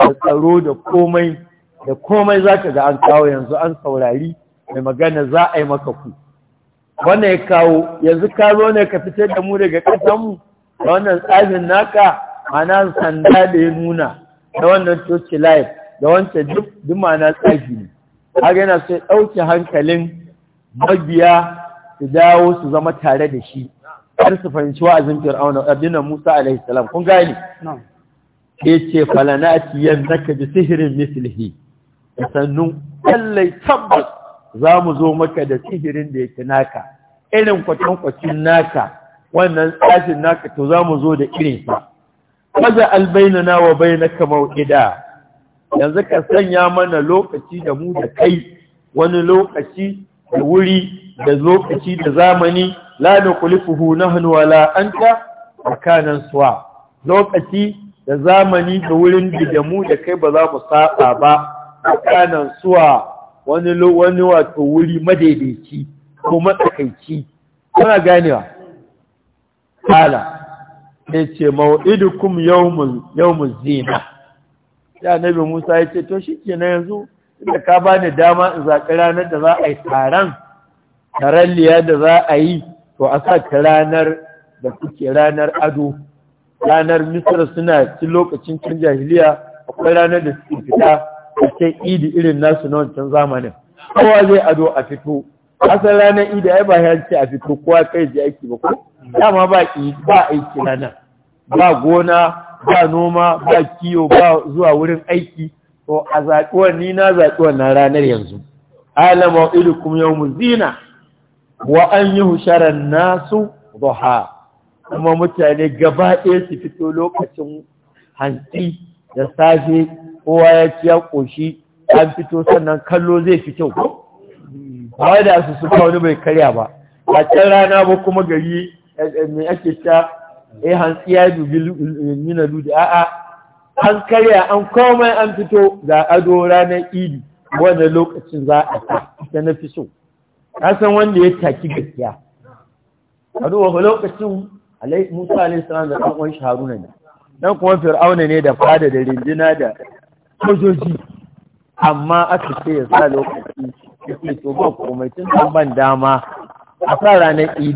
da tsaro da komai da komai zaka ga an kawo yanzu an saurari mai magana za a yi maka ku wannan ya kawo yanzu ka zo ne ka fitar da mu daga ƙasanmu da wannan tsarin naka mana sanda da ya nuna da wannan coci life da wancan duk mana tsafi ne haka yana sai ɗauke hankalin mabiya su dawo su zama tare da shi har su fahimci wa'azin fir'auna addinin musa alaihi salam kun gani ya ce falanati yanzu ka bi sihirin mislihi sannu lallai tabbas za mu zo maka da sihirin da yake naka irin kwatankwacin naka wannan tsashin naka to za mu zo da irin irinsa albaina na wa kamar mau'ida yanzu ka sanya mana lokaci da mu da kai wani lokaci da wuri da lokaci da zamani la nuqlifuhu na wala anta makanan suwa lokaci da zamani da wurin da mu da kai ba za mu saɓa ba makanan suwa wani wato wuri madaidaici ko matsakaici kuna ganewa kala sai ce mau'idukum yau mu zina ya nabi Musa ya ce to shi ke na yanzu inda ka bani dama in zaƙi ranar da za a yi taron taralliya da za a yi to a sa ta ranar da suke ranar ado ranar misra suna cin lokacin cin jahiliya akwai ranar da suke fita a idi irin nasu na wancan zamanin kowa zai ado a fito asal ranar idi ai ba ya ce a fito kowa kai ji aiki ba ko dama ba ba aiki ranar ba gona ba noma ba kiyo ba zuwa wurin aiki to a zaɓi ni na zaɓi wannan ranar yanzu alama yau mu zina wa an husharar nasu zuha kuma mutane gaba ɗaya su fito lokacin hantsi da safe kowa ya ci ya ƙoshi an fito sannan kallo zai fi kyau ba da su suka wani bai karya ba a can rana ba kuma gari eh, eh, me ake ta eh hantsi ya dubi nuna ludi a'a an karya an komai an fito ga ado ranar idi wanda lokacin za a ta ita na fi so na san wanda ya taki gaskiya a duba lokacin musa alaihi salam da ɗan uwan haruna ne dan kuma fir'auna ne da fada da rindina da sojoji amma aka ce ya sa lokaci ya ce to ba komai tun san ban dama a sa ranar idi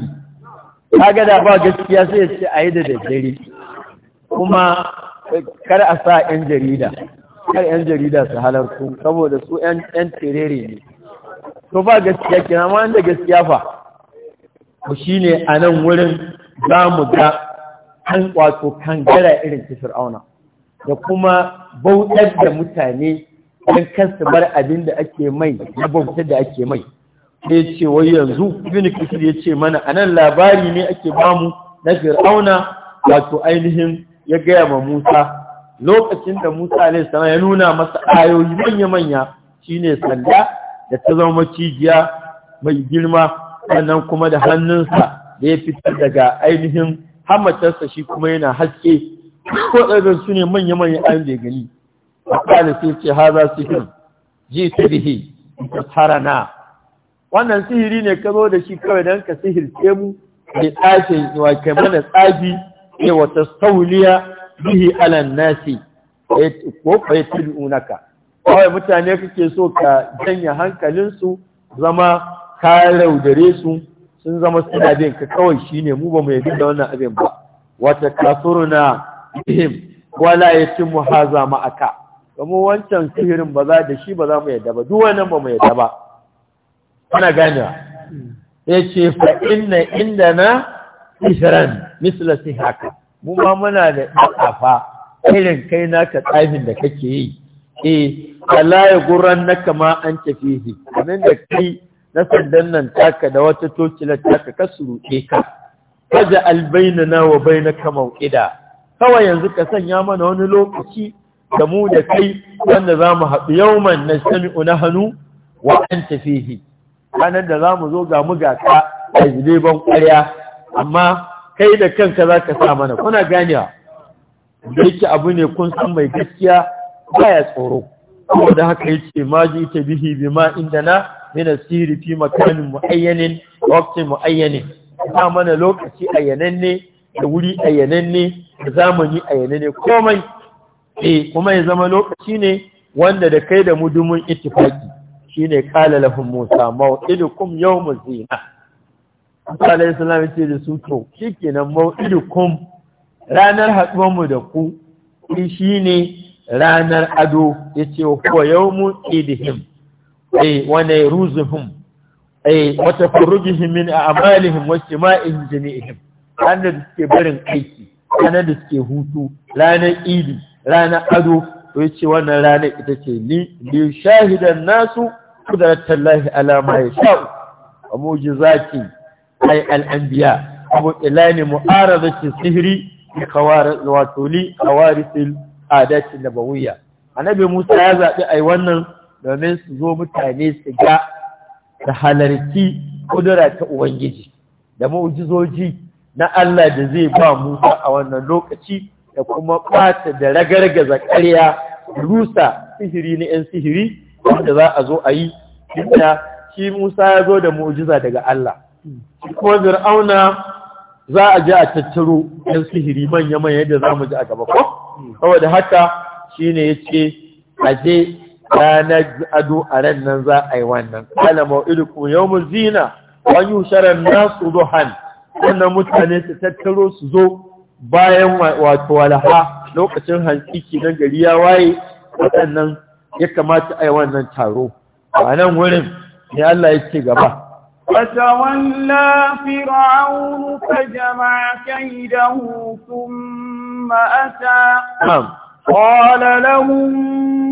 kaga da ba gaskiya sai ya ce a yi da daddare kuma kar a sa 'yan jarida kar 'yan jarida su halartu saboda su 'yan terere ne to ba gaskiya kina ma da gaskiya fa ku shine a nan wurin za mu ga kan kwato kan gara irin ta fir'auna da kuma bautar da mutane don kansu bar abin da ake mai na bautar da ake mai sai ce wai yanzu ibn kasir ya ce mana a nan labari ne ake bamu na fir'auna wato ainihin ya gaya ma musa lokacin da musa alaihi sana ya nuna masa ayoyi manya-manya shine sanda da ta zama macijiya mai girma sannan kuma da hannunsa da ya fitar daga ainihin hamatarsa shi kuma yana haske waɗannan su ne manya-manyan ayin da ya gani a ƙwale sai ce ha za su ji sirihi ta tara na wannan sihiri ne ka zo da shi kawai don ka sihirce mu da tsakin wa kai mana tsagi ne wata sauliya bihi alan nasi ko kwaye tilunaka kawai mutane kake so ka janya hankalinsu zama ka raudare su sun zama suna bin ka kawai shine mu ba mu yadda da wannan abin ba wata kasuruna bihim wala yatimu haza ma'aka kuma wancan sihirin ba za da shi ba za mu yadda ba duk wannan ba mu yadda ba kana gane yace fa inna indana isran misla sihaka mu ma muna da kafa irin kai naka tsafin da kake yi eh wala ya gurran naka ma an tafihi nan da kai na sandan nan taka da wata tocilar taka ka suruke ka faja albainana wa bainaka mau'ida kawai yanzu ka sanya mana wani lokaci da mu da kai wanda za mu haɗu yauman na sami'u na hannu wa an tafihi ranar da za mu zo ga mu ga ka a zileban ƙwarya amma kai da kanka za ka sa mana kuna ganewa da yake abu ne kun san mai gaskiya Ba ya tsoro kuma da haka ce ma ji ta bihi bi ma inda na min sirifi fi makanin muayyanin wakcin muayyanin ta mana lokaci a yananne da wuri ayyananne da zamani a yananne komai e kuma ya zama lokaci ne wanda da kai da mudumin ittifaki shine kala lahum musa yau yawmuz zina Musa alayhi salam ya ce da su to shikenan mau'idukum ranar haduwar mu da ku shine ranar ado yace huwa yawmu idihim eh, eh wa nairuzuhum eh wata tafarrujihim min a'malihim wa istima'ihim jami'ihim ranar da suke barin aiki ranar da suke hutu ranar idi ranar ado to yace wannan ranar ita ce ni li shahidan nasu qudratallahi ala ma yasha wa mujizati ay al anbiya abu ilani mu'aradati sihri bi qawaris wa tuli qawarisil adati nabawiyya annabi Musa ya zabi yi wannan domin su zo mutane su ga da halarci kudura ta ubangiji da mu'jizoji na Allah da zai ba Musa a wannan lokaci da kuma ɓata da ragargaza ƙarya rusa sihiri na 'yan sihiri wanda za a zo a yi inda shi Musa ya zo da mu'jiza daga Allah kuma zir'auna za a je a tattaro 'yan sihiri manya-manya da za mu ji a gaba ko saboda haka shi ne ya shine yace je ranar ado a ran nan za a yi wannan kala mau'idukum zina wa yusharan nasu wannan mutane su tattaro su zo bayan wato walaha lokacin hantsi na gari ya waye waɗannan ya kamata a yi wannan taro a nan wurin ne Allah ya ce gaba فتولى فرعون jama'a kai da أتى ma'asa. قال لهم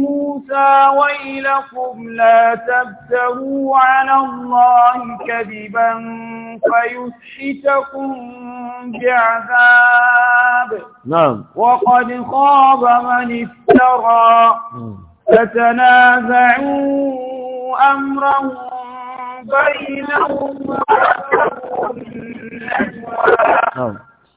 موسى ويلكم لا تبتغوا على الله كذبا فيسحتكم بعذاب نعم وقد خاب من افترى نعم. فتنازعوا أمرهم بينهم وعثروا النجوى نعم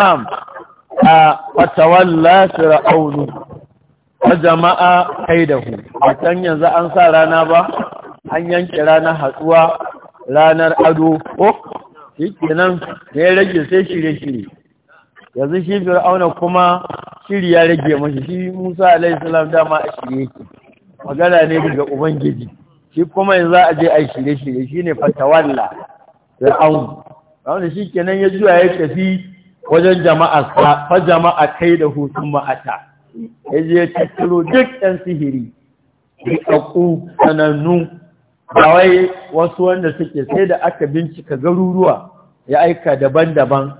na'am a fatawalla fir'aunu wa jama'a kaidahu watan yanzu an sa rana ba an yanke ranar hatsuwa ranar ado ko shi kenan ya rage sai shirye-shirye yanzu shi fir'auna kuma shiri ya rage mashi shi musa alaihissalam dama a shirye yake magana ne daga ubangiji shi kuma yanzu za a je a shirye-shirye shi ne fatawalla fir'aun wanda shi kenan ya juya ya tafi wajen jama'a fa jama'a kai da hutun ma'ata ya je ya duk ɗan sihiri riƙaƙu sanannu ba wai wasu wanda suke sai da aka bincika garuruwa ya aika daban-daban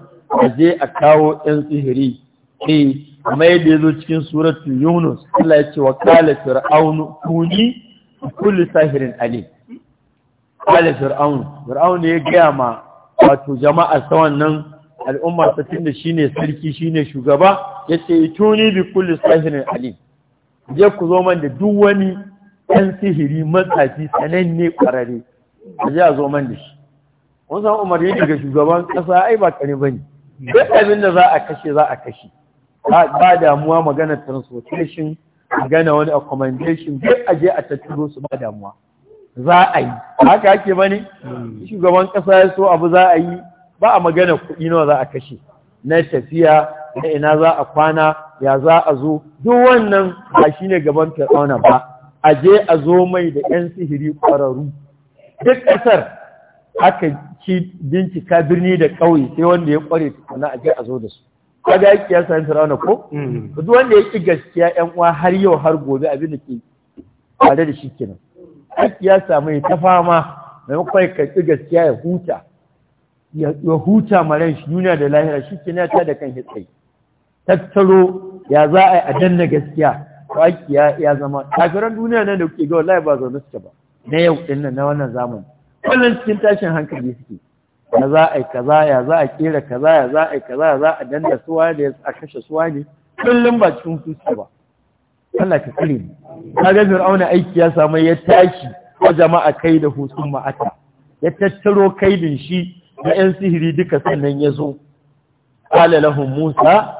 a je a kawo ɗan sihiri e mai da ya zo cikin suratu yunus Allah ya ce wa kala fir'aunu kuni Kulli sahirin ali kala fir'aunu fir'aunu ya gaya ma wato jama'a ta wannan al'umma ta tunda ne sarki shi ne shugaba Ya yace tuni bi kulli sahirin alim je ku zo man da duk wani ɗan sihiri matsafi sananne ƙwararre a ji a zo man da shi wani san umar yake daga shugaban ƙasa ai ba ƙari ba ne duk abin da za a kashe za a kashe ba damuwa magana transportation magana wani accommodation duk a je a tattaro su ba damuwa za a yi haka ake ba ne hmm. shugaban ƙasa ya so abu za a yi ba a magana kuɗi nawa za a kashe na tafiya na ina za a kwana ya za a zo duk wannan ba shi ne gaban fir'auna ba a je a zo mai da 'yan sihiri ƙwararru duk ƙasar aka ci bincika birni da ƙauye sai wanda ya ƙware tukuna a je a zo da su Kada ya sayan fir'auna ko mm. duk wanda ya ƙi gaskiya 'yan uwa har yau har gobe abin da ke tare da shi kenan ya kiyasa ta fama maimakon ka ƙi gaskiya ya huta ya huta maran shi duniya da lahira shi ke na ta da kan hitsai tattaro ya za a yi a danna gaskiya aiki ya zama kafiran duniya nan da kuke ga wallahi ba zaune suke ba na yau din nan na wannan zamani kullum cikin tashin hankali suke ya za a yi kaza ya za a kera kaza ya za a yi kaza ya za a danna suwa da a kashe suwa ne kullum ba cikin suke ba Allah ka kare mu kaga Fir'auna aiki ya samu ya tashi wa jama'a kai da husun ma'ata ya tattaro kaidin shi na ‘yan sihiri duka sannan ya zo, ƙala lahun Musa,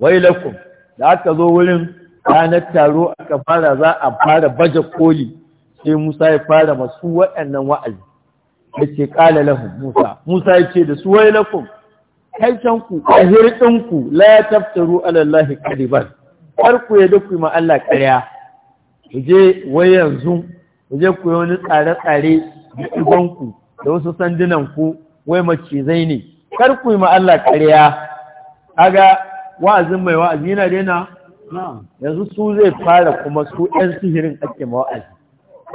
wai lakum, da aka zo wurin ranar taro aka fara za a fara baje koli sai Musa ya fara masu waɗannan wa'azi. Ya ce, ƙala lahun Musa, Musa ya ce da su wai lakum, a hirɗinku, la taftaru alallahi ƙariban, har ku yadda ma Allah ƙarya, ku je wai yanzu, ku je ku wani tsare-tsare da ɗigonku, da wasu sandunanku wai macizai ne kar ku yi ma’alla ƙariya, aga wa'azin mai wa'azi yana daina yanzu su zai fara kuma su yan sihirin ake ma’azi,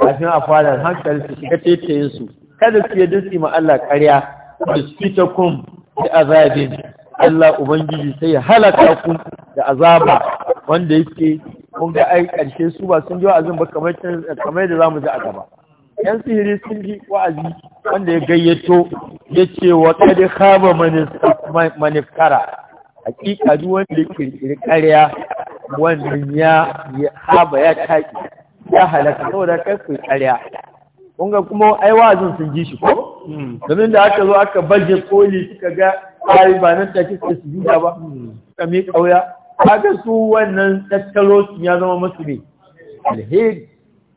wa'azi kafin a fara hankali su shiga tetayen su kada su yi dutse ma’alla ƙariya, ma su fita kun da azabin Allah ubangiji sai ya halaka ku da azaba wanda yake kun ga ai ƙarshe su ba sun ji wa'azin ba kamar da zamu ji a gaba yan sihiri sun ji wa'azi wanda ya gayyato ya ce wa ƙadi kama manifkara hakika duk wanda ya kirkiri karya wannan ya haba ya taƙi ya halaka saboda kasu karya kunga kuma ai zan sun ji shi ko hmm. domin da aka zo aka baje koli suka ga ai ba nan take hmm. suka su juda ba ka mi kauya kaga su wannan tattalo ya zama masu ne alheri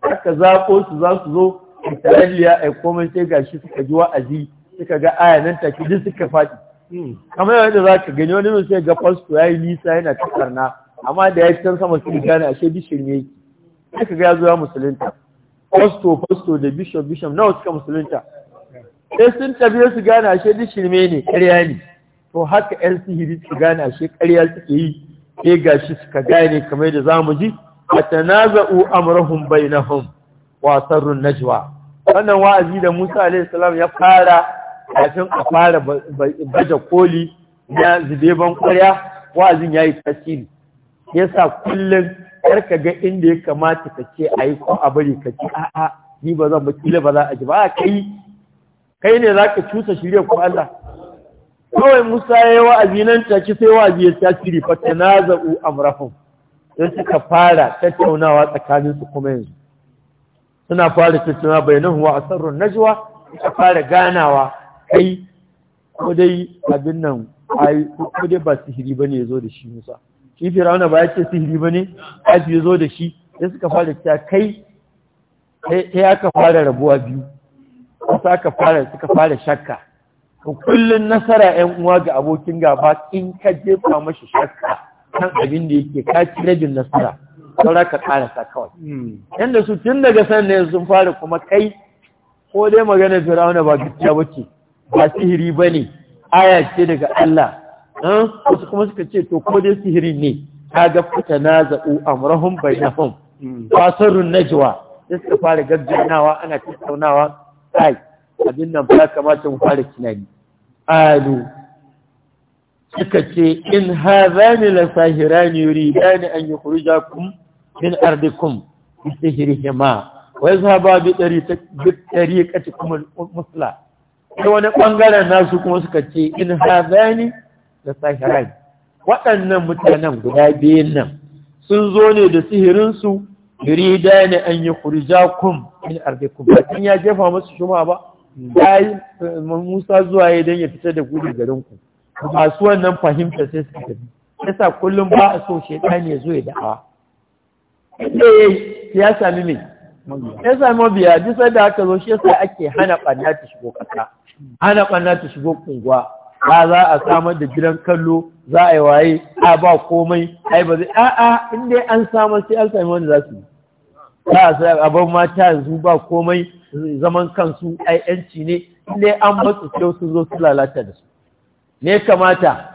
aka zaƙo su za su zo Isra'iliya a komai sai gashi suka ji wa'azi suka ga aya nan take duk suka faɗi hmm. kamar yadda za ka gani wani sai ga fasto ya yi nisa yana takarna amma da ya can sama sun gane ashe bishir ne yake sai ka ga ya zo ya musulunta fasto fasto da bishop bishop nawa suka musulunta sai sun tabi su gane ashe bishir ne ne ƙarya ne to haka yan sihiri su gane ashe ƙarya suke yi sai gashi suka gane kamar yadda za mu ji 'Na za'u bai na bainahum wa sarrun najwa wannan wa'azi da Musa alaihi salam ya fara kafin a fara baje koli zube ban ƙarya wa'azin yayi tasiri yasa kullum ka ga inda ya kamata ka ce a yi ko a bari ka ce a'a ni ba zan baki ba za a ji ba a kai kai ne za ka cusa shirya ko Allah kawai Musa ya yi wa'azi nan take sai wa'azi ya tasiri fa tanaza'u amrahum sai suka fara tattaunawa tsakaninsu kuma yanzu suna fara tattuna huwa wa asarrun najuwa suka fara ganawa kai ko dai abin nan ai ko dai ba sihiri ya zo da shi Musa shi rauna ba ya ce sihiri ba ne? bane aji zo da shi sai suka fara cewa kai sai ka fara rabuwa biyu sai aka fara suka fara shakka Kullum nasara 'yan uwa ga abokin gaba in ka jefa mashi shakka kan abin da yake ka ci rabin nasara saura ka karasa kawai hmm. yanda su tun daga san ne sun fara kuma kai ko dai magana firawuna ba gaskiya bace ba sihiri bane aya ce daga Allah wasu kuma suka ce to ko dai sihiri ne kaga na za'u amrahum bainahum fasarun hmm. jiwa, sai suka fara gagganawa ana tattaunawa ai, abin nan ba kamata mu fara tunani alu suka ce in hadhani la sahirani yuridani an yukhrijakum min ardikum bistihrihima wa yazhaba bi tariqatikum al-musla sai wani bangaren nasu kuma suka ce in hadani la sahiran waɗannan mutanen guda biyun nan sun zo ne da sihirinsu yurida ne an yi kurjakum min ardikum ba ya jefa musu shuma ba dai Musa zuwa ya dan ya fitar da gudu garin ku masu wannan fahimta sai suka yasa kullum ba a so shaytani ya zo ya da'awa inda eh, ya sami mai ya sami mabiya duk da aka zo shi yasa ake hana ɓanna ta shigo ƙasa hana ɓanna ta shigo kunguwa ba za a samar da gidan kallo za a yi waye a ba komai ai ba zai a'a in dai an samar sai an sami wani za su yi za a sai abin mata yanzu ba komai zaman kansu ai yanci ne in an matsu sai su zo su lalata da su ne kamata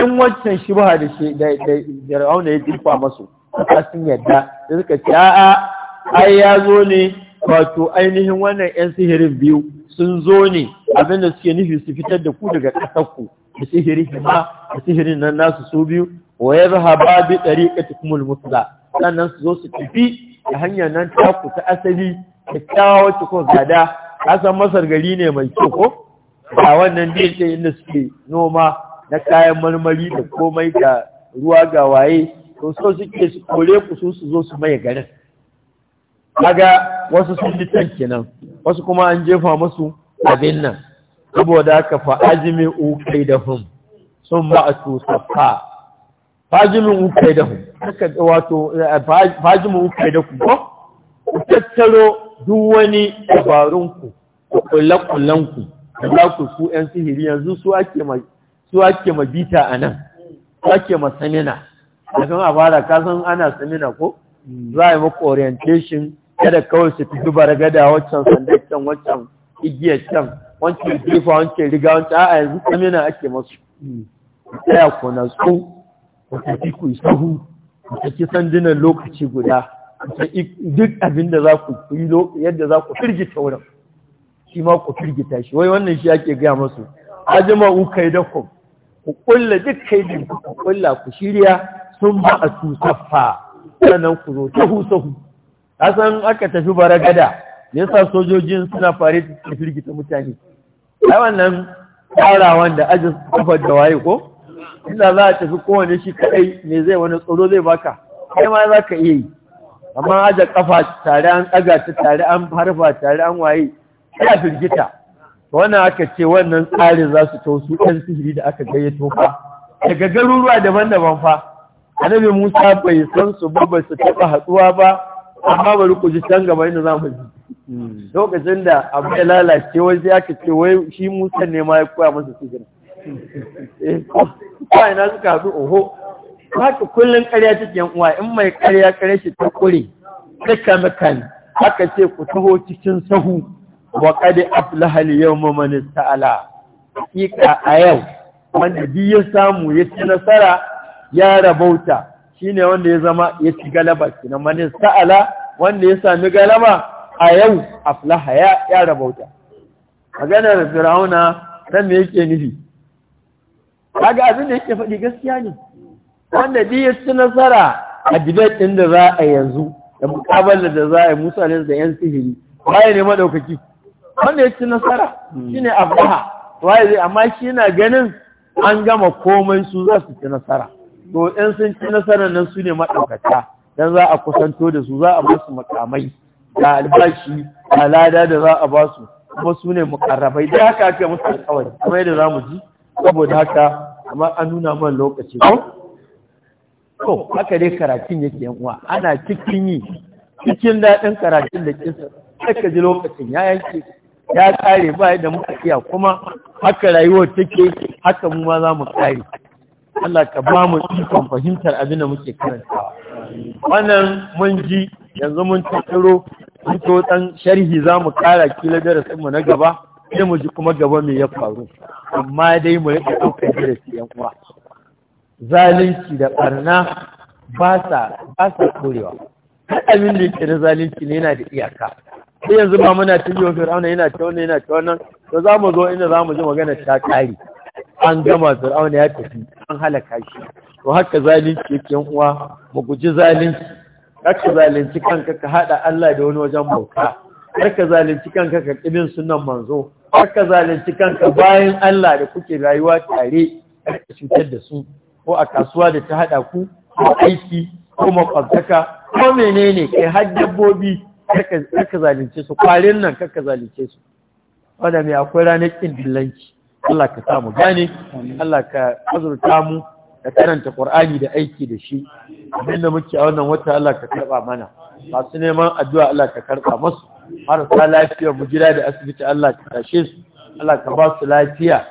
in wancan ba da shi da da ya jefa masu suka sun yadda da suka ce a'a ai ya zo ne wato ainihin wannan 'yan sihirin biyu sun zo ne abinda suke nufi su fitar da ku daga ƙasarku da sihirin hima da sihirin nan nasu su biyu wa ya zaha ba bi ɗariƙati kuma musula sannan su zo su tafi da hanyar nan taku ta asali kyakkyawa wacce ko gada kasan masar gari ne mai kyau ko a wannan dai inda suke noma na kayan marmari da komai da ruwa ga waye to so suke su kore ku su su zo su maye garin kaga wasu sun ji can kenan wasu kuma an jefa musu abin nan saboda haka fa u kai da hum sun ba a ajimi u kai da hum haka wato u kai da ku ko ku tattaro duk wani dabarun ku kullakullanku da za ku su 'yan sihiri yanzu su ake ma bita a nan su ake ma sanina da sun abara kasan ana samina ko hmm. za a yi maka orientation kada kawai su fi duba gada waccan sanda can waccan igiyar can wancan jefa wancan riga wancan a yanzu samina ake masu hmm. tsaya ku na su ku yi ku sahu ku tafi sandunan lokaci guda duk abin da za ku yi yadda za ku firgita wurin shi ma ku firgita shi wai wannan shi ake gaya masu ajima ukai da ku ku kulla duk kaidin ku kulla ku shirya sun ba a su saffa ku zo tahu sahu asan aka tafi baragada yasa sojojin suna fare da firgita mutane ai wannan tsarawan da aji kafar da waye ko inda za a tafi kowane shi kadai me zai wani tsoro zai baka kai ma za ka iya yi amma aja kafa tare an ɗaga ta tare an harfa tare an waye ya firgita wannan aka ce wannan tsarin za su tausu ɗan sihiri da aka gayyato fa daga garuruwa daban-daban fa annabi Musa bai san su ba bai su taɓa haɗuwa ba amma bari ku ji can gaba inda zamu ji hmm. lokacin da abu ya lalace wai sai aka ce wai shi Musa ne ma ya koya masa sihiri eh ko ina suka haɗu oho haka kullum ƙarya take yan uwa in mai ƙarya ƙarya shi ta kure duka makan Haka ce ku taho cikin sahu wa qad aflaha al-yawma man ista'ala a yau wanda biyu ya samu ya ci nasara ya rabauta shine wanda ya zama ya ci galaba kinan manin sa'ala wanda ya sami galaba a yau aflaha ya ya rabauta maganar fir'auna san me yake nufi kaga abin da yake faɗi gaskiya ne wanda dai ya ci nasara a debate ɗin da za a yanzu da mukabalar da za a yi musa ne da yan sihiri waye ne madaukaki wanda ya ci nasara shine aflaha waye zai amma shi na ganin an gama komai su za su ci nasara to ɗan sun ci nasarar nan su ne maɗaukata don za a kusanto da su za a basu makamai da albashi da lada da za a basu kuma su ne mukarrabai da haka ake musu alkawari kuma yadda za mu ji saboda haka amma an nuna man lokaci ko to haka dai karatun yake yan uwa ana cikin yi cikin daɗin karatun da kisa, sai ka ji lokacin ya yanke ya kare ba yadda muka iya kuma haka rayuwar take haka mu ma za mu kare Allah ka ba mu ikon fahimtar abin da muke karantawa wannan mun ji yanzu mun tattaro fito ɗan sharhi za mu ƙara kila darasin mu na gaba sai mu ji kuma gaba me ya faru amma dai mu rika ɗaukar darasi yan uwa zalunci da ɓarna ba sa ba sa korewa abin da yake na zalunci ne yana da iyaka sai yanzu ba muna tafiya fir'auna yana ta wannan yana ta wannan to za mu zo inda za mu ji magana ta ƙari an gama fir'auna ya tafi an halaka shi to haka zalunci yake uwa mu guji zalunci haka zalunci kanka ka hada Allah da wani wajen bauta haka zalunci kanka ka kibin sunan manzo haka zalunci kanka bayan Allah da kuke rayuwa tare ka cutar da su ko a kasuwa da ta haɗa ku ko aiki ko makwabtaka ko menene kai har dabbobi haka zalunci su kwarin nan kaka zalunci su wanda mai akwai ranar kin dillanci Allah ka samu gane Allah ka azurta mu da karanta Ƙwar'ani da aiki da shi abinda muke a wannan wata Allah ka karɓa mana masu neman addu'a Allah ka karba masu. marasa lafiya mu gida da asibiti Allah ka tashe su Allah ka ba su lafiya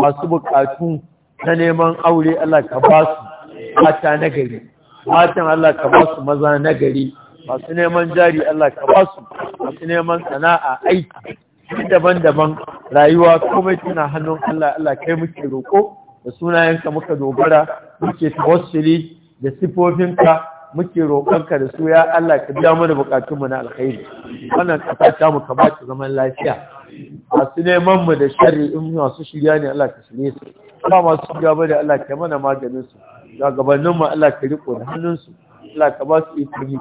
masu buƙatu na neman aure Allah ka ba su mata na gari matan Allah ka ba su maza nagari. gari masu neman jari Allah ka ba su masu neman sana'a aiki daban-daban rayuwa komai tana hannun Allah Allah kai muke roƙo da sunayenka muka dogara muke tawassuli da sifofinka muke roƙonka da su ya Allah ka biya mana mu na alkhairi wannan ƙasa ta mu ka zaman lafiya masu neman mu da sharri in masu shirya ne Allah ka shirye su ba masu shirya ba da Allah ka mana maganin su gabaninmu Allah ka riko da hannun su Allah ka ba su